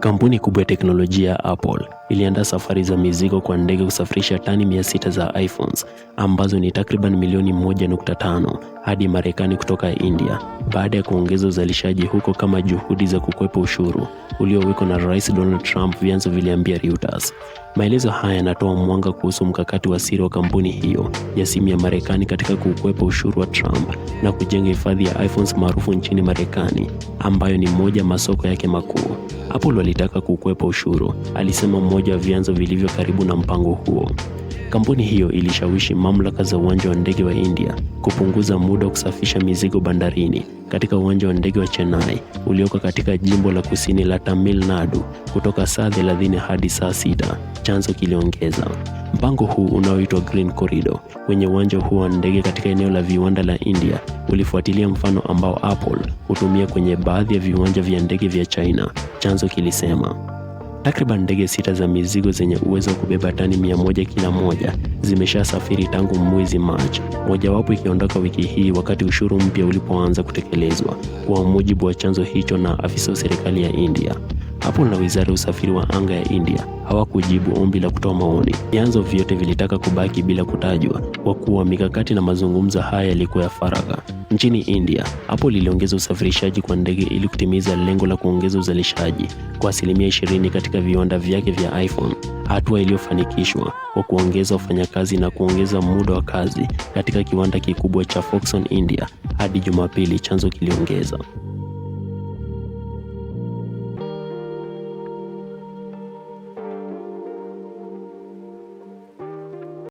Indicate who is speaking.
Speaker 1: Kampuni kubwa ya teknolojia Apple iliandaa safari za mizigo kwa ndege kusafirisha tani 600 za iPhones ambazo ni takriban milioni 1.5 hadi Marekani kutoka India baada ya kuongeza uzalishaji huko kama juhudi za kukwepa ushuru uliowekwa na Rais Donald Trump, vyanzo viliambia Reuters. Maelezo haya yanatoa mwanga kuhusu mkakati wa siri wa kampuni hiyo ya simu ya Marekani katika kukwepa ushuru wa Trump na kujenga hifadhi ya iPhones maarufu nchini Marekani ambayo ni moja masoko yake makuu. Apple walitaka kukwepa ushuru, alisema mmoja wa vyanzo vilivyo karibu na mpango huo. Kampuni hiyo ilishawishi mamlaka za uwanja wa ndege wa India kupunguza muda wa kusafisha mizigo bandarini katika uwanja wa ndege wa Chennai ulioko katika jimbo la kusini la Tamil Nadu kutoka saa 30 hadi saa 6, chanzo kiliongeza. Mpango huu unaoitwa Green Corridor wenye uwanja huo wa ndege katika eneo la viwanda la India ulifuatilia mfano ambao Apple hutumia kwenye baadhi ya viwanja vya ndege vya China, chanzo kilisema. Takriban ndege sita za mizigo zenye uwezo wa kubeba tani mia moja kila moja zimeshasafiri tangu mwezi Machi, mojawapo ikiondoka wiki hii wakati ushuru mpya ulipoanza kutekelezwa, kwa mujibu wa chanzo hicho na afisa wa serikali ya India hapo na wizara ya usafiri wa anga ya India hawakujibu ombi la kutoa maoni. Vyanzo vyote vilitaka kubaki bila kutajwa kwa kuwa mikakati na mazungumzo haya yalikuwa ya faragha. Nchini India, Apple iliongeza usafirishaji kwa ndege ili kutimiza lengo la kuongeza uzalishaji kwa asilimia 20 katika viwanda vyake vya iPhone, hatua iliyofanikishwa kwa kuongeza wafanyakazi na kuongeza muda wa kazi katika kiwanda kikubwa cha Foxconn India hadi Jumapili, chanzo kiliongeza.